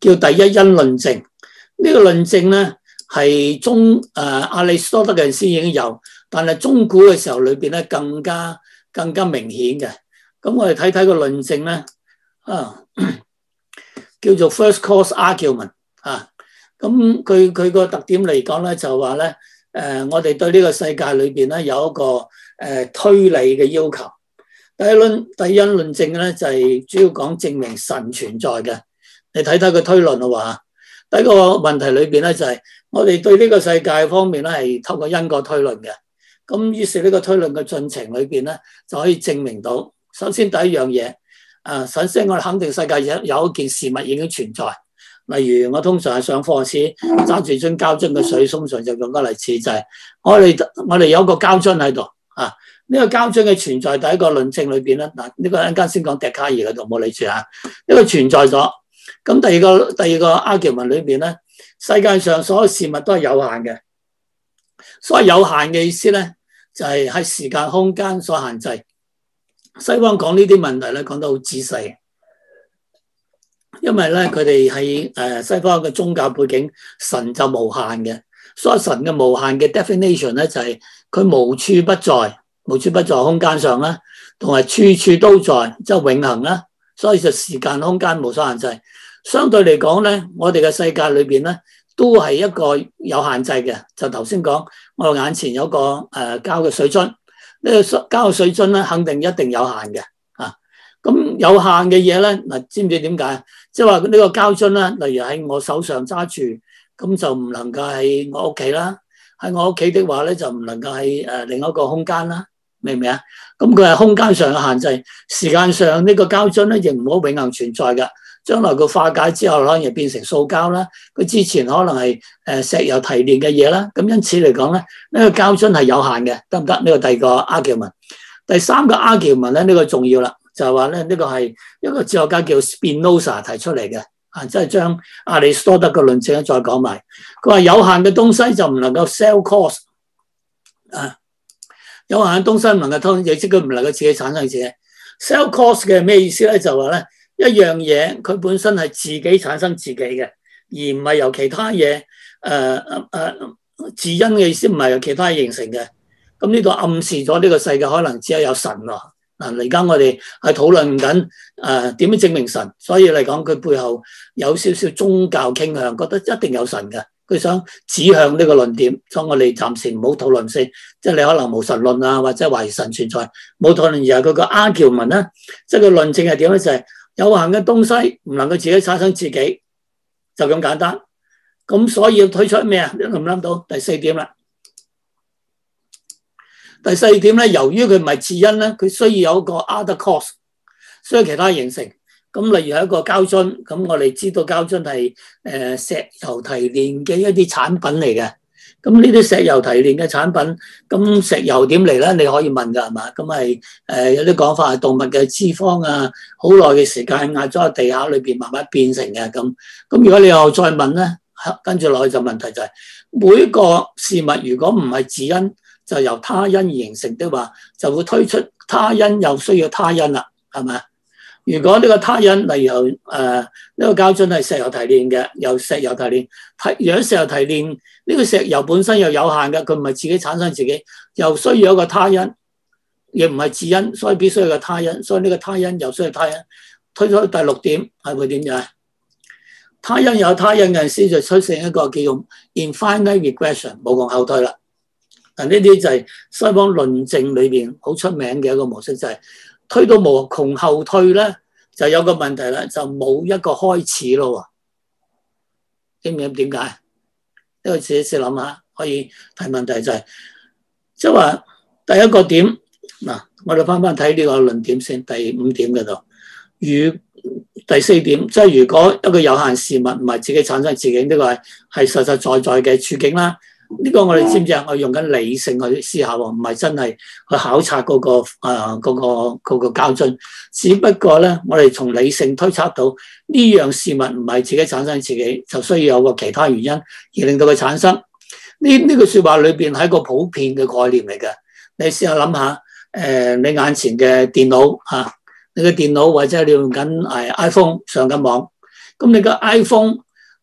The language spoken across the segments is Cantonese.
叫第一因論證，呢、這個論證咧係中誒，亞里士多德嘅時已經有，但係中古嘅時候裏邊咧更加更加明顯嘅。咁我哋睇睇個論證咧，啊，叫做 First Cause Argument 啊。咁佢佢個特點嚟講咧就話、是、咧，誒、呃，我哋對呢個世界裏邊咧有一個誒、呃、推理嘅要求。第一論第一因論證咧就係、是、主要講證明神存在嘅。你睇睇佢推論啊話，第一個問題裏邊咧就係、是、我哋對呢個世界方面咧係透過因果推論嘅，咁於是呢個推論嘅進程裏邊咧就可以證明到，首先第一樣嘢，啊首先我哋肯定世界有有一件事物已經存在，例如我通常係上課時揸住樽膠樽嘅水，通上，就用嚟自制，我哋我哋有個膠樽喺度啊，呢、這個膠樽嘅存在第一個論證裏邊咧，嗱、啊、呢、這個陣間先講笛卡爾嘅，冇理住啊，呢、這個存在咗。咁第二個第二個 argument 裏邊咧，世界上所有事物都係有限嘅。所謂有限嘅意思咧，就係、是、喺時間空間所限制。西方講呢啲問題咧，講得好仔細，因為咧佢哋喺誒西方嘅宗教背景，神就無限嘅。所以神嘅無限嘅 definition 咧，就係、是、佢無處不在，無處不在空間上啦，同埋處處都在，即、就、係、是、永恆啦。所以就時間空間無所限制。相對嚟講咧，我哋嘅世界裏邊咧，都係一個有限制嘅。就頭先講，我眼前有個誒、呃、膠嘅水樽，呢、這個膠嘅水樽咧，肯定一定有限嘅。吓、啊，咁有限嘅嘢咧，嗱、啊、知唔知點解？即係話呢個膠樽咧，例如喺我手上揸住，咁就唔能夠喺我屋企啦。喺我屋企嘅話咧，就唔能夠喺誒、呃、另一個空間啦。明唔明啊？咁佢係空間上嘅限制，時間上呢個膠樽咧亦唔好永恒存在嘅。將來佢化解之後，可能又變成塑膠啦。佢之前可能係誒石油提煉嘅嘢啦。咁因此嚟講咧，呢個膠樽係有限嘅，得唔得？呢個第二個 argument。第三個 argument 咧，呢個重要啦，就係話咧，呢個係一個哲學家叫 Spinoza 提出嚟嘅，啊，即係將阿里斯多德嘅論證再講埋。佢話有限嘅東西就唔能夠 self cause 啊，有限東西問嘅通嘢，即佢唔能夠自己產生自己。self cause 嘅咩意思咧？就話咧。一樣嘢，佢本身係自己產生自己嘅，而唔係由其他嘢誒誒自因嘅意思，唔係由其他嘢形成嘅。咁呢個暗示咗呢個世界可能只係有，有神咯。嗱，而家我哋係討論緊誒點樣證明神，所以嚟講佢背後有少少宗教傾向，覺得一定有神嘅。佢想指向呢個論點，所以我哋暫時唔好討論先。即係你可能無神論啊，或者懷疑神存在冇討論，而係佢個阿喬文啦，即係個論證係點咧？就係、是。有限嘅東西唔能夠自己產生自己，就咁簡單。咁所以要推出咩啊？你諗唔諗到第四點啦？第四點咧，由於佢唔係自因咧，佢需要有一個 other cause，需要其他形成。咁例如係一個膠樽，咁我哋知道膠樽係誒石油提煉嘅一啲產品嚟嘅。咁呢啲石油提煉嘅產品，咁、嗯、石油點嚟咧？你可以問噶，係嘛？咁係誒有啲講法係動物嘅脂肪啊，好耐嘅時間壓咗喺地下裏邊慢慢變成嘅咁。咁、嗯嗯、如果你又再問咧，跟住落去就問題就係、是、每個事物如果唔係自因，就由他因而形成的話，就會推出他因又需要他因啦，係咪？如果呢個他因例如誒呢、呃這個膠樽係石油提煉嘅，由石油提煉，睇樣石油提煉呢、這個石油本身又有限噶，佢唔係自己產生自己，又需要一個他因，亦唔係自因，所以必須要個他因。所以呢個他因又需要他因。推出第六點係會點樣？他因有他因嘅時，就出現一個叫 infinite regression，無窮後退啦。啊，呢啲就係西方論證裏邊好出名嘅一個模式就係、是。推到無窮後退咧，就有個問題啦，就冇一個開始咯喎。知唔知點解？你可以自己先諗下，可以提問題就係即係話第一個點嗱，我哋翻翻睇呢個論點先，第五點嗰度如第四點，即、就、係、是、如果一個有限事物唔係自己產生自己呢個係係實實在在嘅處境啦。呢個我哋知唔知啊？我用緊理性去思考，唔係真係去考察嗰、那個誒嗰、呃那個膠樽、那個。只不過咧，我哋從理性推測到呢樣、這個、事物唔係自己產生自己，就需要有個其他原因而令到佢產生。呢呢句説話裏邊係一個普遍嘅概念嚟嘅。你試下諗下，誒、呃、你眼前嘅電腦嚇、啊，你嘅電腦或者係你用緊誒 iPhone 上緊網，咁你嘅 iPhone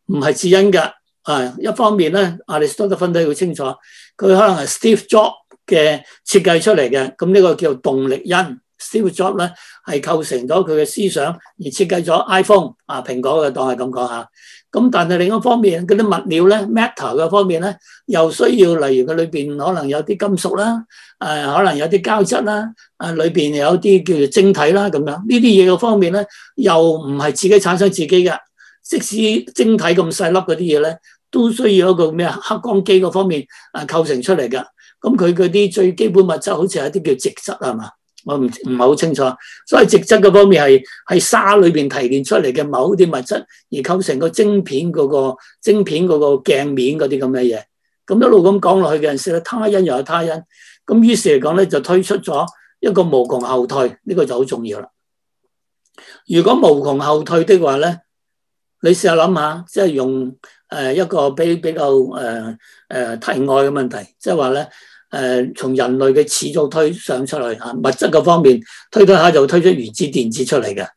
唔係自因㗎。啊，uh, 一方面咧，阿里士多德分得好清楚，佢可能係 Steve Job 嘅設計出嚟嘅，咁呢個叫動力因。Steve Job 咧係構成咗佢嘅思想而設計咗 iPhone，啊蘋果嘅當係咁講吓。咁、啊、但係另一方面，嗰啲物料咧，matter 嘅方面咧，又需要例如佢裏邊可能有啲金屬啦，誒、呃，可能有啲膠質啦，啊，裏邊有啲叫做晶體啦咁樣，呢啲嘢嘅方面咧，又唔係自己產生自己嘅。即使晶體咁細粒嗰啲嘢咧，都需要一個咩啊黑光機嗰方面啊、呃、構成出嚟嘅。咁佢嗰啲最基本物質，好物質，好似係一啲叫直質係嘛？我唔唔係好清楚。所以直質嗰方面係喺沙裏邊提煉出嚟嘅某啲物質，而構成個晶片嗰、嗰個晶片嗰個鏡面嗰啲咁嘅嘢。咁、嗯、一路咁講落去嘅人，識得他因又係他因。咁、嗯、於是嚟講咧，就推出咗一個無窮後退呢、呢個就好重要啦。如果無窮後退的話咧，你試下諗下，即係用誒一個比比較誒誒、呃呃、題外嘅問題，即係話咧誒從人類嘅始祖推想出嚟嚇物質嘅方面推推下就推出原子電子出嚟嘅，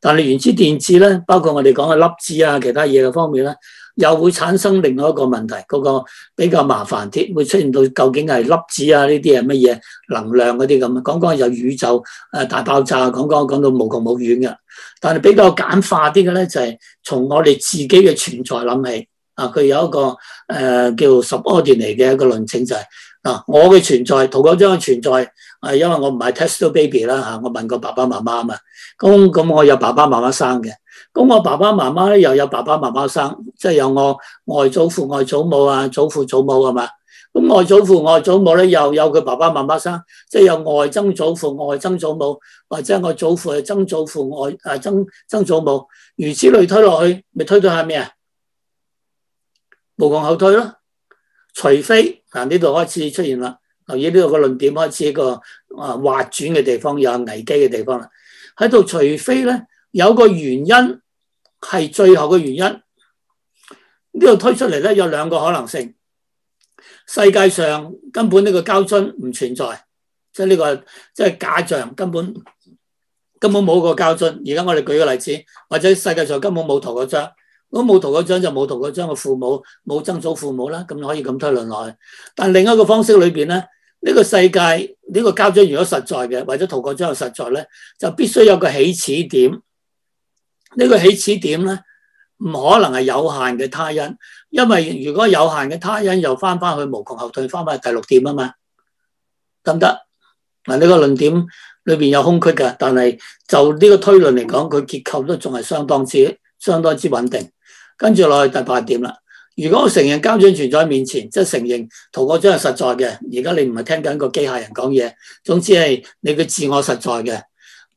但係原子電子咧，包括我哋講嘅粒子啊，其他嘢嘅方面咧。又會產生另外一個問題，嗰、這個比較麻煩啲，會出現到究竟係粒子啊呢啲係乜嘢能量嗰啲咁啊？講講有宇宙誒大爆炸，講講講到無窮冇遠嘅。但係比較簡化啲嘅咧，就係從我哋自己嘅存在諗起。啊，佢有一個誒、呃、叫 subordinate 嘅一個論證就係、是、啊，我嘅存在同我張嘅存在係、啊、因為我唔係 test tube baby 啦嚇，我問過爸爸媽媽啊嘛。咁咁我有爸爸媽媽生嘅。咁我爸爸媽媽咧又有爸爸媽媽生，即係有我外祖父、外祖母啊，祖父、祖母係嘛？咁外祖父、外祖母咧又有佢爸爸媽媽生，即係有外曾祖父、外曾祖母，或者外祖父、曾祖父、外、啊、誒曾曾祖母，如此類推落去，咪推到係咩啊？無窮後退咯，除非嗱呢度開始出現啦，留意呢度個論點開始一個誒劃轉嘅地方，有危機嘅地方啦，喺度除非咧。有個原因係最後嘅原因，呢度推出嚟咧有兩個可能性。世界上根本呢個膠樽唔存在，即係呢個即係、即係、假象根，根本根本冇個膠樽。而家我哋舉個例子，或者世界上根本冇逃過章，如果冇逃過章，就冇逃過章嘅父母、冇曾祖父母啦，咁可以咁推論落去。但另一個方式裏邊咧，呢、呢個世界呢、呢個膠樽如果實在嘅，或者逃過章又實在咧，就必須有個起始點。呢個起始點咧，唔可能係有限嘅他因，因為如果有限嘅他因又翻翻去無窮後退，翻翻去第六點啊嘛，得唔得？嗱、這、呢個論點裏邊有空缺嘅，但係就呢個推論嚟講，佢結構都仲係相當之、相當之穩定。跟住落去第八點啦。如果我承認監轉存在喺面前，即係承認圖嗰張係實在嘅。而家你唔係聽緊個機械人講嘢，總之係你嘅自我實在嘅。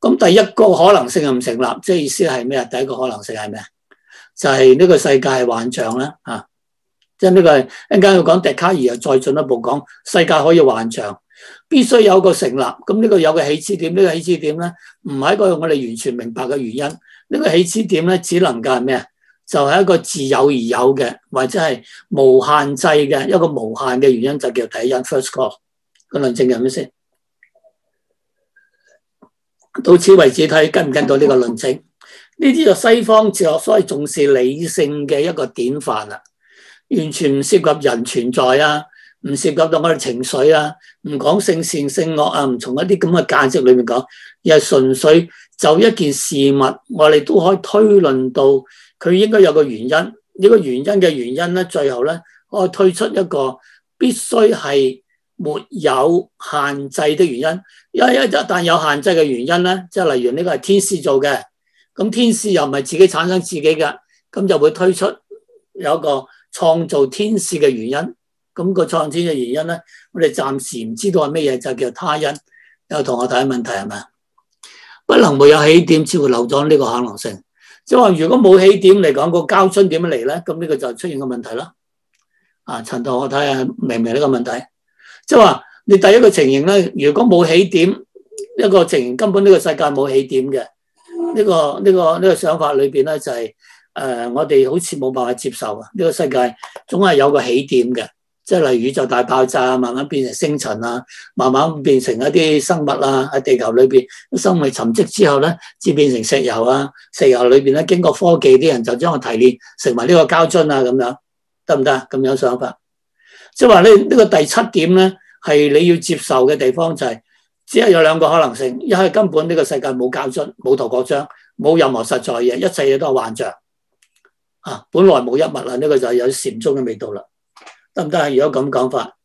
咁第一個可能性係唔成立，即係意思係咩啊？第一個可能性係咩？就係、是、呢個世界係幻象啦，吓、啊！即係呢個，一陣間要講笛卡兒又再進一步講世界可以幻象，必須有個成立。咁呢個有個起、這個起始點呢，呢個、這個起始點咧，唔係一個我哋完全明白嘅原因。呢個起始點咧，只能夠係咩啊？就係、是、一個自有而有嘅，或者係無限制嘅一個無限嘅原因，就叫第一因 （first cause）。個論證係咪先？到此為止，睇跟唔跟到呢個論證？呢啲就西方哲學所謂重視理性嘅一個典範啦，完全唔涉及人存在啊，唔涉及到我哋情緒啊，唔講性善性惡啊，唔從一啲咁嘅價值裏面講，而係純粹就一件事物，我哋都可以推論到佢應該有個原因，呢、呢個原因嘅原因咧，最後咧可以推出一個必須係。沒有限制的原因，一一一旦有限制嘅原因咧，即係例如呢個係天使做嘅，咁天使又唔係自己產生自己嘅，咁就會推出有一個創造天使嘅原因，咁個創天嘅原因咧，我哋暫時唔知道係咩嘢，就叫他因。有同學睇問題係咪？不能沒有起點，只會留咗呢個可能性。即係話如果冇起點嚟講，個膠樽點樣嚟咧？咁、這、呢個就出現個問題啦。啊，陳同學睇下明唔明呢個問題？即係話，你第一個情形咧，如果冇起點，一個情形根本呢個世界冇起點嘅呢、呢個呢、呢個呢、呢個想法裏邊咧，就係、是、誒、呃，我哋好似冇辦法接受啊！呢、呢個世界總係有個起點嘅，即係例如宇宙大爆炸，慢慢變成星塵啊，慢慢變成一啲生物啊，喺地球裏邊生物沉積之後咧，先變成石油啊，石油裏邊咧經過科技啲人就將佢提煉成為呢個膠樽啊，咁樣得唔得？咁樣想法？即係話咧，呢個第七點咧，係你要接受嘅地方就係、是，只係有兩個可能性，一係根本呢個世界冇膠樽、冇陀螺、章，冇任何實在嘢，一切嘢都係幻象，啊，本來冇一物啊，呢、這個就係有禪宗嘅味道啦，得唔得啊？如果咁講法，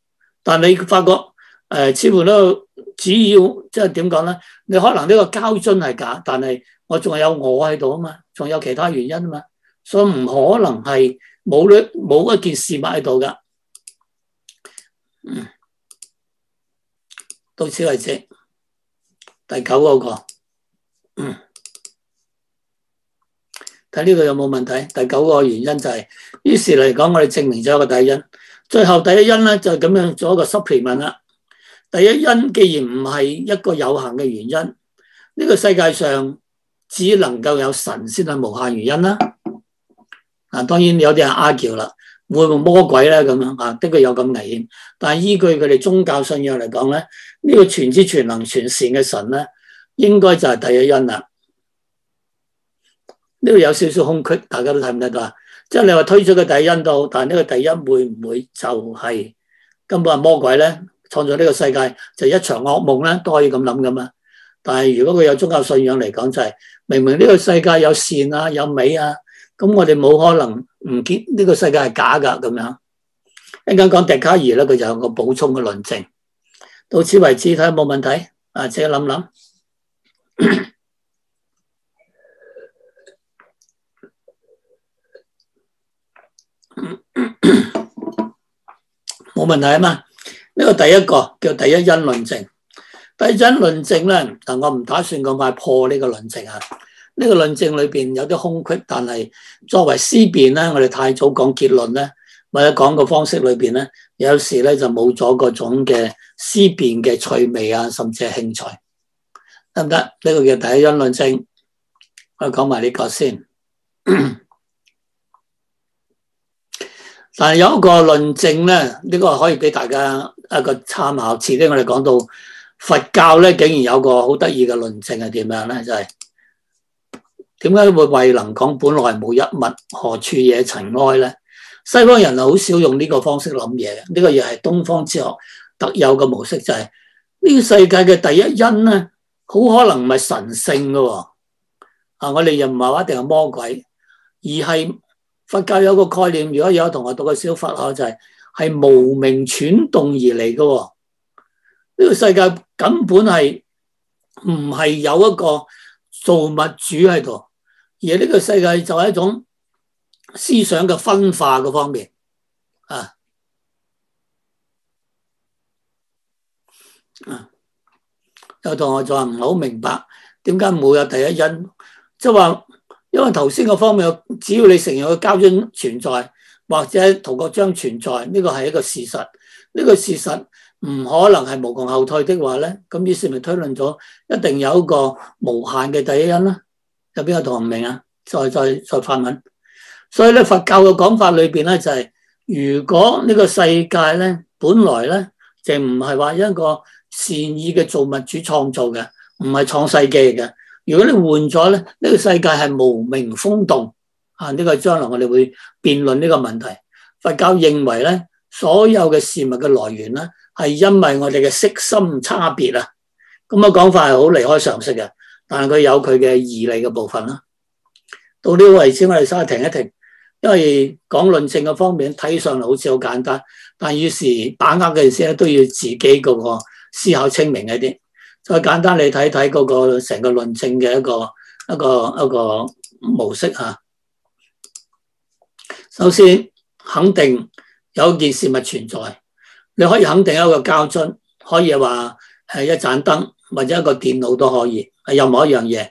但你發覺誒、呃，似乎都只要即係點講咧，你可能呢個膠樽係假，但係我仲有我喺度啊嘛，仲有其他原因啊嘛，所以唔可能係冇一冇一件事物喺度噶。嗯，到此為止，第九嗰、那個，嗯，睇呢度有冇問題？第九個原因就係、是，於是嚟講，我哋證明咗一個第一因，最後第一因咧就咁、是、樣做一個 supplement 啦。第一因既然唔係一個有限嘅原因，呢、這個世界上只能夠有神先係無限原因啦。啊，當然有啲 argue 啦。會唔會魔鬼咧？咁樣吓，的確有咁危險。但係依據佢哋宗教信仰嚟講咧，呢、這個全知全能全善嘅神咧，應該就係第一因啦。呢個有少少空隙，大家都睇唔睇到啊？即係你話推咗個第一因都好，但係呢個第一會唔會就係、是、根本係魔鬼咧？創造呢個世界就是、一場噩夢咧，都可以咁諗噶嘛？但係如果佢有宗教信仰嚟講、就是，就係明明呢個世界有善啊，有美啊，咁我哋冇可能。唔見呢個世界係假噶咁樣，一陣間講笛卡兒咧，佢就有個補充嘅論證。到此為止，睇下冇問題啊？自己諗諗，冇問題啊嘛？呢個第一個叫第一因論證，第一因論證咧，但我唔打算咁快破呢個論證啊。呢個論證裏邊有啲空隙，但係作為思辨咧，我哋太早講結論咧，或者講個方式裏邊咧，有時咧就冇咗嗰種嘅思辨嘅趣味啊，甚至係興趣，得唔得？呢個嘅第一因論證。我講埋呢個先。 但係有一個論證咧，呢個可以俾大家一個參考。前啲我哋講到佛教咧，竟然有個好得意嘅論證係點樣咧，就係。點解會慧能講本來冇一物，何處惹塵埃咧？西方人好少用呢個方式諗嘢嘅，呢、這個嘢係東方哲學特有嘅模式，就是，就係呢個世界嘅第一因咧，好可能唔係神聖嘅，哦，啊，我哋又唔係話一定係魔鬼，而係佛教有個概念，如果有同學讀過小法學，就係、是、係無明串動而嚟嘅，哦，呢、這個世界根本係唔係有一個。造物主喺度，而呢個世界就係一種思想嘅分化嘅方面。啊啊，有同學就話唔係好明白點解冇有第一因，即係話因為頭先個方面，只要你承認個膠樽存在或者圖格張存在，呢個係一個事實。呢個事實。唔可能係無窮後退的話咧，咁於是咪推論咗，一定有一個無限嘅第一因啦。有邊個同唔明啊？再再再發問。所以咧，佛教嘅講法裏邊咧就係，如果呢個世界咧本來咧就唔係話一個善意嘅造物主創造嘅，唔係創世紀嘅。如果你換咗咧，呢個世界係無明風動啊！呢個將來我哋會辯論呢個問題。佛教認為咧，所有嘅事物嘅來源咧。係因為我哋嘅識心差別啊，咁嘅講法係好離開常識嘅，但係佢有佢嘅義理嘅部分啦。到呢個位置，我哋稍先停一停，因為講論證嘅方面睇上嚟好似好簡單，但係於是把握嗰陣時咧都要自己嗰個思考清明一啲。再簡單你睇睇嗰個成個論證嘅一個一個一個模式嚇。首先肯定有件事物存在。你可以肯定一個膠樽，可以話係一盞燈或者一個電腦都可以，係任何一樣嘢。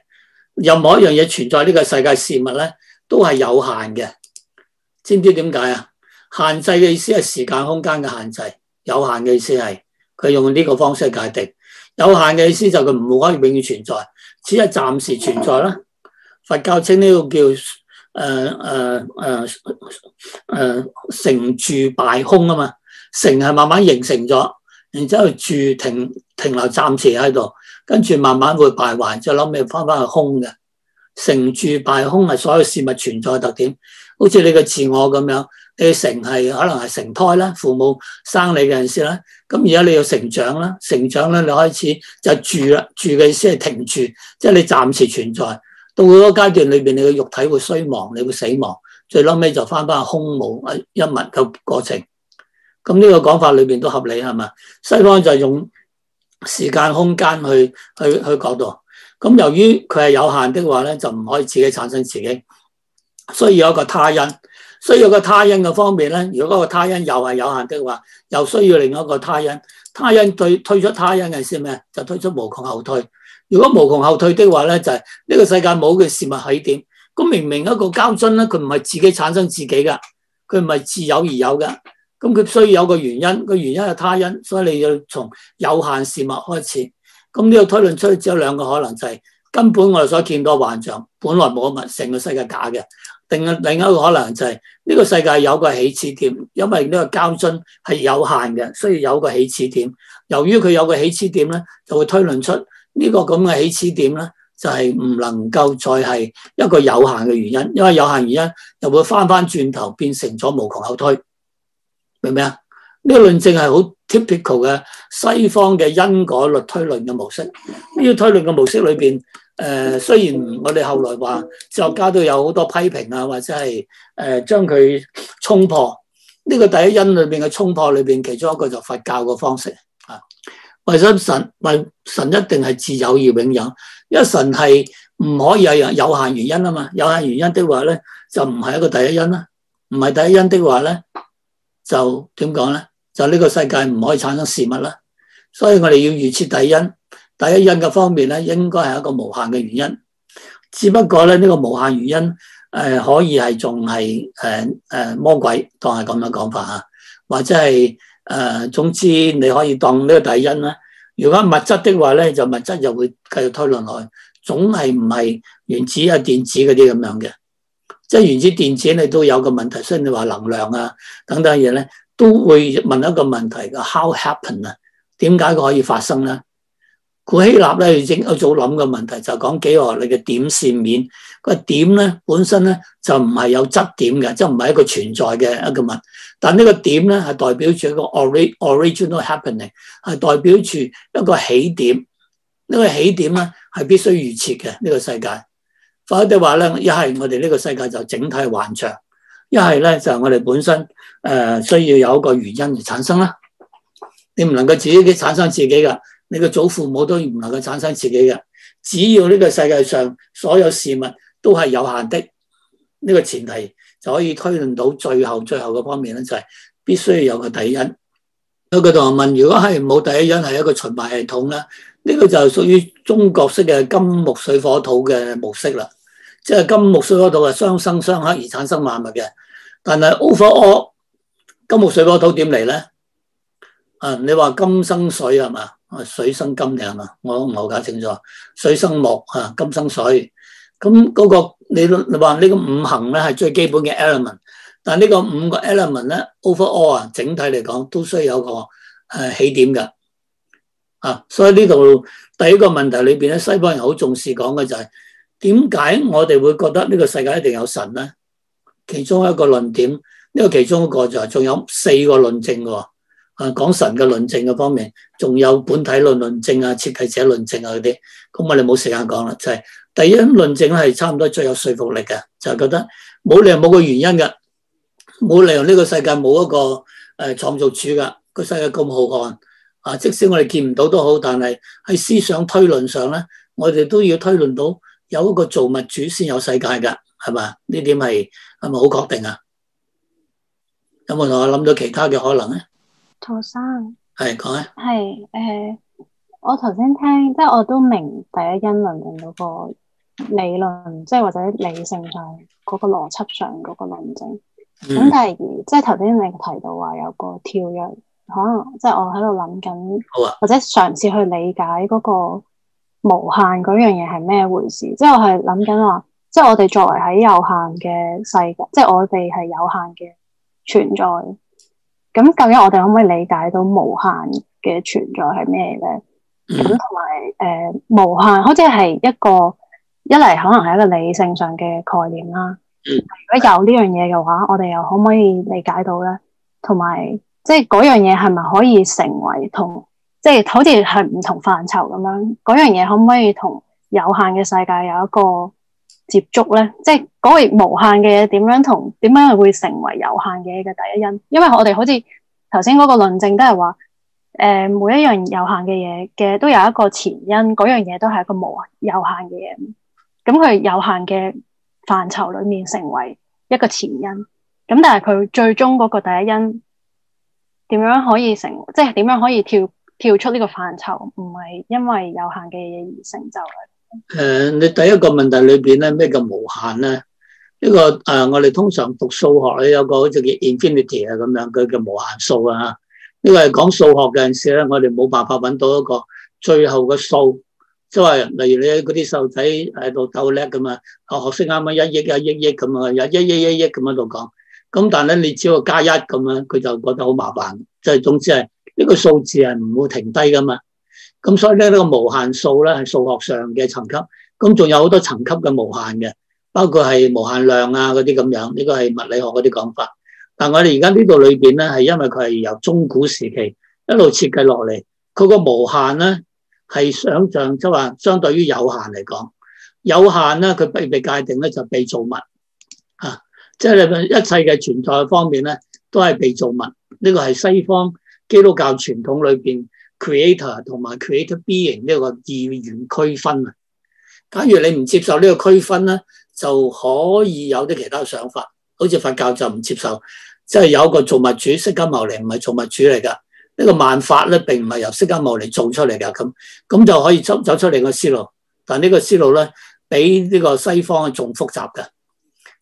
任何一樣嘢存在呢個世界事物咧，都係有限嘅。知唔知點解啊？限制嘅意思係時間空間嘅限制，有限嘅意思係佢用呢個方式界定。有限嘅意思就係佢唔可以永遠存在，只係暫時存在啦。佛教稱呢個叫誒誒誒誒成住敗空啊嘛。成係慢慢形成咗，然之後住停停留暫時喺度，跟住慢慢會敗壞，最後尾翻翻去空嘅。成住敗空係所有事物存在嘅特點。好似你嘅自我咁樣，你嘅成係可能係成胎啦，父母生你嘅陣時啦，咁而家你要成長啦，成長咧你開始就住啦，住嘅意思係停住，即係你暫時存在。到嗰個階段裏邊，你嘅肉體會衰亡，你會死亡，最嬲尾就翻翻去空無一物嘅過程。咁呢個講法裏邊都合理係嘛？西方就用時間空間去去去角度。咁由於佢係有限的話咧，就唔可以自己產生自己，需要一個他因。需要個他因嘅方面咧，如果嗰個他因又係有限的話，又需要另一個他因。他因對推，推出他因係先咩？就推出無窮後退。如果無窮後退的話咧，就係、是、呢個世界冇嘅事物起點。咁明明一個膠樽咧，佢唔係自己產生自己嘅，佢唔係自有而有嘅。咁佢需要有個原因，個原因係他因，所以你要從有限事物開始。咁呢個推論出去只有兩個可能，就係、是、根本我哋所見到幻象，本來冇物性嘅世界假嘅；定另一個可能就係呢個世界有個起始點，因為呢個膠樽係有限嘅，所以有個起始點。由於佢有個起始點咧，就會推論出呢個咁嘅起始點咧，就係、是、唔能夠再係一個有限嘅原因，因為有限原因又會翻翻轉頭變成咗無窮後退。明唔明啊？呢、這個論證係好 typical 嘅西方嘅因果律推論嘅模式。呢、這個推論嘅模式裏邊，誒、呃，雖然我哋後來話哲學家都有好多批評啊，或者係誒、呃、將佢衝破。呢、這個第一因裏邊嘅衝破裏邊，其中一個就佛教嘅方式啊。為什麼神問神一定係自有而永有？因為神係唔可以係有，有限原因啊嘛。有限原因的話咧，就唔係一個第一因啦。唔係第一因的話咧。就點講咧？就呢個世界唔可以產生事物啦，所以我哋要預設第一因。第一因嘅方面咧，應該係一個無限嘅原因。只不過咧，呢、這個無限原因誒、呃，可以係仲係誒誒魔鬼，當係咁樣講法吓，或者係誒、呃，總之你可以當呢個第一因啦。如果物質的話咧，就物質又會繼續推論落去，總係唔係原子啊、電子嗰啲咁樣嘅。即係原子電子咧都有個問題，雖然你話能量啊等等嘢咧，都會問一個問題嘅 how happen 啊？點解佢可以發生咧？古希臘咧整一早諗嘅問題就係、是、講幾何，你嘅點線面個點咧本身咧就唔係有質點嘅，即係唔係一個存在嘅一個物。但呢個點咧係代表住一個 original happening，係代表住一個起點。呢個起點咧係必須預設嘅呢、這個世界。否則嘅話咧，一係我哋呢個世界就整體幻象，一係咧就係、是、我哋本身誒、呃、需要有一個原因而產生啦。你唔能夠自己產生自己噶，你個祖父母都唔能夠產生自己嘅。只要呢個世界上所有事物都係有限的，呢、這個前提就可以推論到最後最後個方面咧，就係、是、必須要有個第一因。有、那個同學問：如果係冇第一因，係一個循環系統咧？呢個就係屬於中國式嘅金木水火土嘅模式啦，即係金木水火土係相生相克而產生萬物嘅。但係 overall，金木水火土點嚟咧？啊，你話金生水係嘛？水生金你係嘛？我唔好搞清楚，水生木吓，啊，金生水。咁嗰、嗰個你話呢個五行咧係最基本嘅 element，但係呢個五個 element 咧 overall 啊，整體嚟講都需要有個誒起點嘅。啊，所以呢度第一個問題裏邊咧，西方人好重視講嘅就係點解我哋會覺得呢個世界一定有神咧？其中一個論點，呢個其中一個就係仲有四個論證嘅，啊講神嘅論證嘅方面，仲有本體論論證啊、設計者論證啊嗰啲。咁我哋冇時間講啦，就係第一論證咧，係差唔多最有說服力嘅，就係覺得冇理由冇個原因嘅，冇理由呢個世界冇一個誒創造主噶，個世界咁浩瀚。啊！即使我哋見唔到都好，但係喺思想推論上咧，我哋都要推論到有一個造物主先有世界噶，係嘛？呢點係係咪好確定啊？有冇同我諗到其他嘅可能咧？陶生係講咧，係誒、呃，我頭先聽即係我都明第一因論嗰個理論，即係或者理性在個邏輯上嗰個邏輯上嗰個論證。咁但係、嗯、即係頭先你提到話有個跳躍。可能、啊、即係我喺度諗緊，或者嘗試去理解嗰個無限嗰樣嘢係咩回事。即係我係諗緊話，即係我哋作為喺有限嘅世界，即係我哋係有限嘅存在。咁究竟我哋可唔可以理解到無限嘅存在係咩咧？咁同埋誒，無限好似係一個一嚟，可能係一個理性上嘅概念啦。嗯、如果有呢樣嘢嘅話，我哋又可唔可以理解到咧？同埋。即係嗰樣嘢係咪可以成為同，即係好似係唔同範疇咁樣，嗰樣嘢，可唔可以同有限嘅世界有一個接觸咧？即係嗰個無限嘅嘢點樣同點樣會成為有限嘅嘢嘅第一因？因為我哋好似頭先嗰個論證都係話，誒、呃、每一樣有限嘅嘢嘅都有一個前因，嗰樣嘢都係一個無限有限嘅嘢，咁佢有限嘅範疇裏面成為一個前因，咁但係佢最終嗰個第一因。點樣可以成？即係點樣可以跳跳出呢個範疇？唔係因為有限嘅嘢而成就誒、呃，你第一個問題裏邊咧，咩叫無限咧？呢、這個誒、呃，我哋通常讀數學咧，有個好似叫 infinity 啊咁樣，佢叫無限數啊。呢個係講數學嘅陣時咧，我哋冇辦法搵到一個最後嘅數。即、就、係、是、例如你嗰啲細路仔喺度鬥叻咁啊，學學識啱啱一億、一億億咁啊，有一億一億咁喺度講。咁但係咧，你只要加一咁樣，佢就覺得好麻煩。就係、是、總之係呢個數字係唔會停低噶嘛。咁所以咧，呢個無限數咧係數學上嘅層級。咁仲有好多層級嘅無限嘅，包括係無限量啊嗰啲咁樣。呢個係物理學嗰啲講法。但我哋而家呢度裏邊咧，係因為佢係由中古時期一路設計落嚟，佢個無限咧係想像，即係話相對於有限嚟講，有限咧佢被被界定咧就係、被造物。即係一切嘅存在方面咧，都係被造物。呢、這個係西方基督教傳統裏邊 creator 同埋 creator being 呢個二元區分啊。假如你唔接受呢個區分咧，就可以有啲其他想法。好似佛教就唔接受，即、就、係、是、有一個造物主釋迦牟尼唔係造物主嚟噶。呢、這個萬法咧並唔係由釋迦牟尼造出嚟噶。咁咁就可以走走出嚟一個思路。但呢個思路咧，比呢個西方仲複雜噶。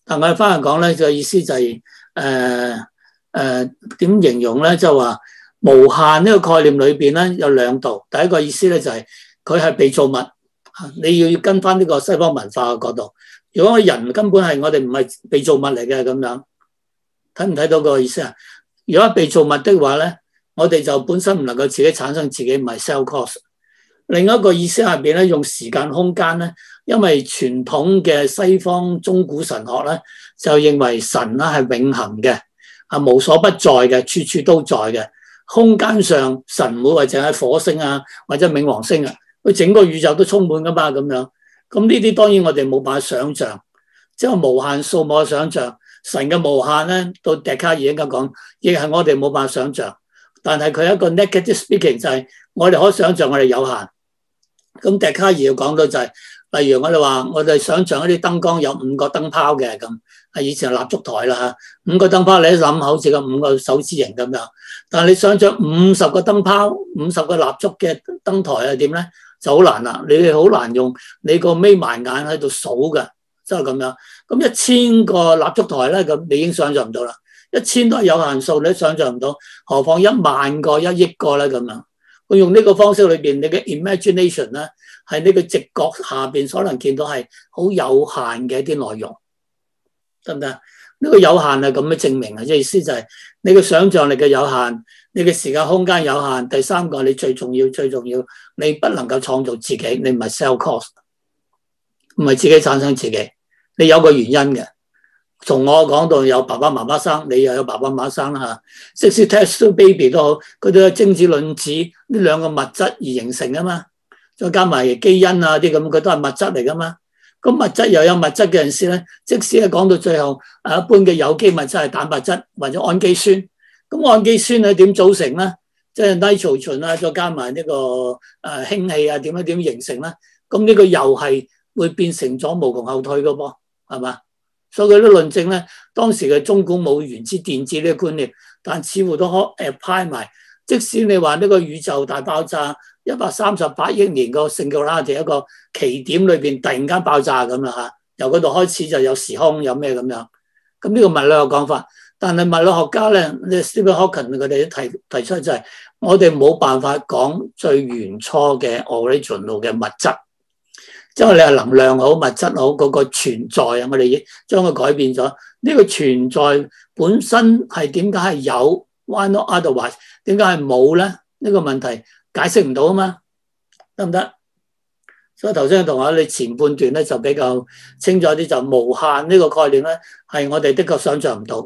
但我哋翻嚟講咧，就意思就係誒誒點形容咧？就話、係、無限呢個概念裏邊咧，有兩度。第一個意思咧就係佢係被造物，你要跟翻呢個西方文化嘅角度。如果個人根本係我哋唔係被造物嚟嘅咁樣，睇唔睇到個意思啊？如果係被造物的話咧，我哋就本身唔能夠自己產生自己，唔係 self cause。另一個意思下邊咧，用時間空間咧。因為傳統嘅西方中古神學咧，就認為神咧係永恒嘅，啊無所不在嘅，處處都在嘅。空間上神唔會話淨喺火星啊，或者，或者冥王星啊，佢整個宇宙都充滿噶嘛咁樣。咁呢啲當然我哋冇辦法想象即、就、係、是、無限數目嘅想象。神嘅無限咧，到笛卡兒應該講，亦係我哋冇辦法想象。但係佢一個 negative speaking 就係我哋可以想象我哋有限。咁笛卡兒要講到就係、是。例如我哋話，我哋想象一啲燈光有五個燈泡嘅咁，以前係蠟燭台啦，五個燈泡你一諗，好似個五個手指型咁樣。但係你想象五十個燈泡、五十個蠟燭嘅燈臺係，點咧就好難啦！你哋好難用你，你個眯埋眼喺度數噶，即係咁樣。咁一千個蠟燭台咧，咁你已經想象唔到啦。一千都有限數，你都想象唔到，何況一萬個、一億個咧咁樣？佢用呢個方式裏邊，你嘅 imagination 咧。係呢個直覺下邊所能見到係好有限嘅一啲內容，得唔得？呢個有限係咁嘅證明啊！即係意思就係你嘅想象力嘅有限，你嘅時間空間有限。第三個，你最重要最重要，你不能夠創造自己，你唔係 self cause，唔係自己產生自己。你有個原因嘅，從我講到有爸爸媽媽生，你又有爸爸媽媽生吓。即使 test tube baby 都好，佢都有精子卵子呢兩個物質而形成啊嘛。再加埋基因啊啲咁，佢都係物質嚟㗎嘛？咁物質又有物質嘅陣時咧，即使係講到最後，啊一般嘅有機物質係蛋白質或者氨基酸，咁、嗯、氨、嗯、基酸係點組成咧？即係低硫醇啊，再加埋呢、這個誒、啊、氫氣啊，點樣點形成咧？咁、嗯、呢、這個又係會變成咗無窮後退嘅噃、啊，係嘛？所以佢啲論證咧，當時嘅中古冇原子電子呢個觀念，但似乎都可 apply 埋，即使你話呢個宇宙大爆炸。一百三十八億年個 singularity 就一個奇點裏邊突然間爆炸咁啦嚇，由嗰度開始就有時空有咩咁樣。咁、啊、呢、嗯這個物理學講法，但係物理學家咧，你 Stephen Hawking 佢哋提提出就係、是、我哋冇辦法講最原初嘅 original 嘅物質，即係你話能量好、物質好嗰、那個存在啊，我哋將佢改變咗。呢、這個存在本身係點解係有，why not otherwise？點解係冇咧？呢、這個問題。解釋唔到啊嘛，得唔得？所以頭先嘅同學，你前半段咧就比較清楚啲，就無限呢個概念咧係我哋的確想象唔到，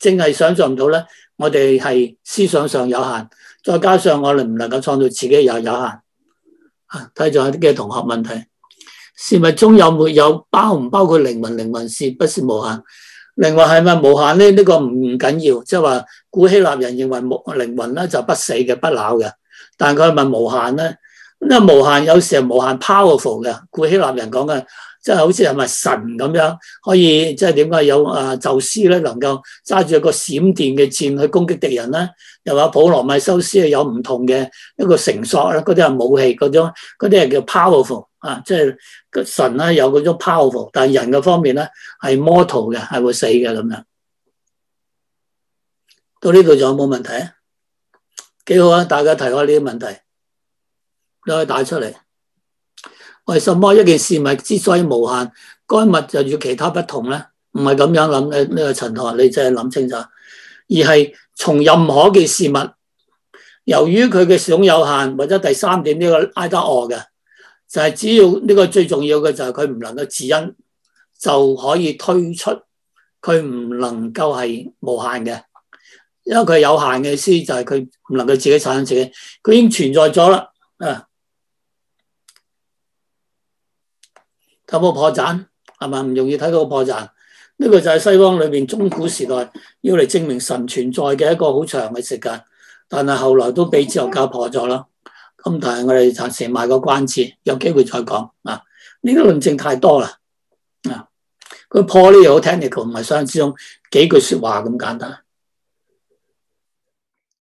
淨係想象唔到咧，我哋係思想上有限，再加上我哋唔能夠創造自己又有限。啊，睇住下啲嘅同學問題，事物中有沒有包唔包括靈魂？靈魂是不是無限？靈魂係咪無限咧？呢、這個唔緊要，即係話古希臘人認為冇靈魂咧就不死嘅、不朽嘅。但佢係問無限咧，因為無限有時係無限 powerful 嘅，古希臘人講嘅，即係好似係咪神咁樣，可以即係點解有啊宙斯咧能夠揸住一個閃電嘅箭去攻擊敵人咧，又話普羅米修斯啊有唔同嘅一個繩索咧，嗰啲係武器，嗰種嗰啲係叫 powerful 啊，即係神咧有嗰種 powerful，但係人嘅方面咧係 mortal 嘅，係會死嘅咁樣。到呢度仲有冇問題？幾好啊！大家提下呢啲問題都可以打出嚟。為什麼一件事物之所以無限，該物就要其他不同咧？唔係咁樣諗嘅。呢、這個陳同學，你真係諗清楚。而係從任何嘅事物，由於佢嘅想有限，或者第三點呢個挨得餓嘅，就係、是、只要呢個最重要嘅就係佢唔能夠自因，就可以推出佢唔能夠係無限嘅。因為佢係有限嘅，意思就係佢唔能夠自己產生自己，佢已經存在咗啦。啊，有冇破綻？係咪唔容易睇到破綻？呢、這個就係西方裏邊中古時代要嚟證明神存在嘅一個好長嘅時間，但係後來都俾哲學家破咗啦。咁但係我哋暫時賣個關子，有機會再講。啊，呢個論證太多啦。啊，佢破呢樣好 technical，唔係相之中幾句說話咁簡單。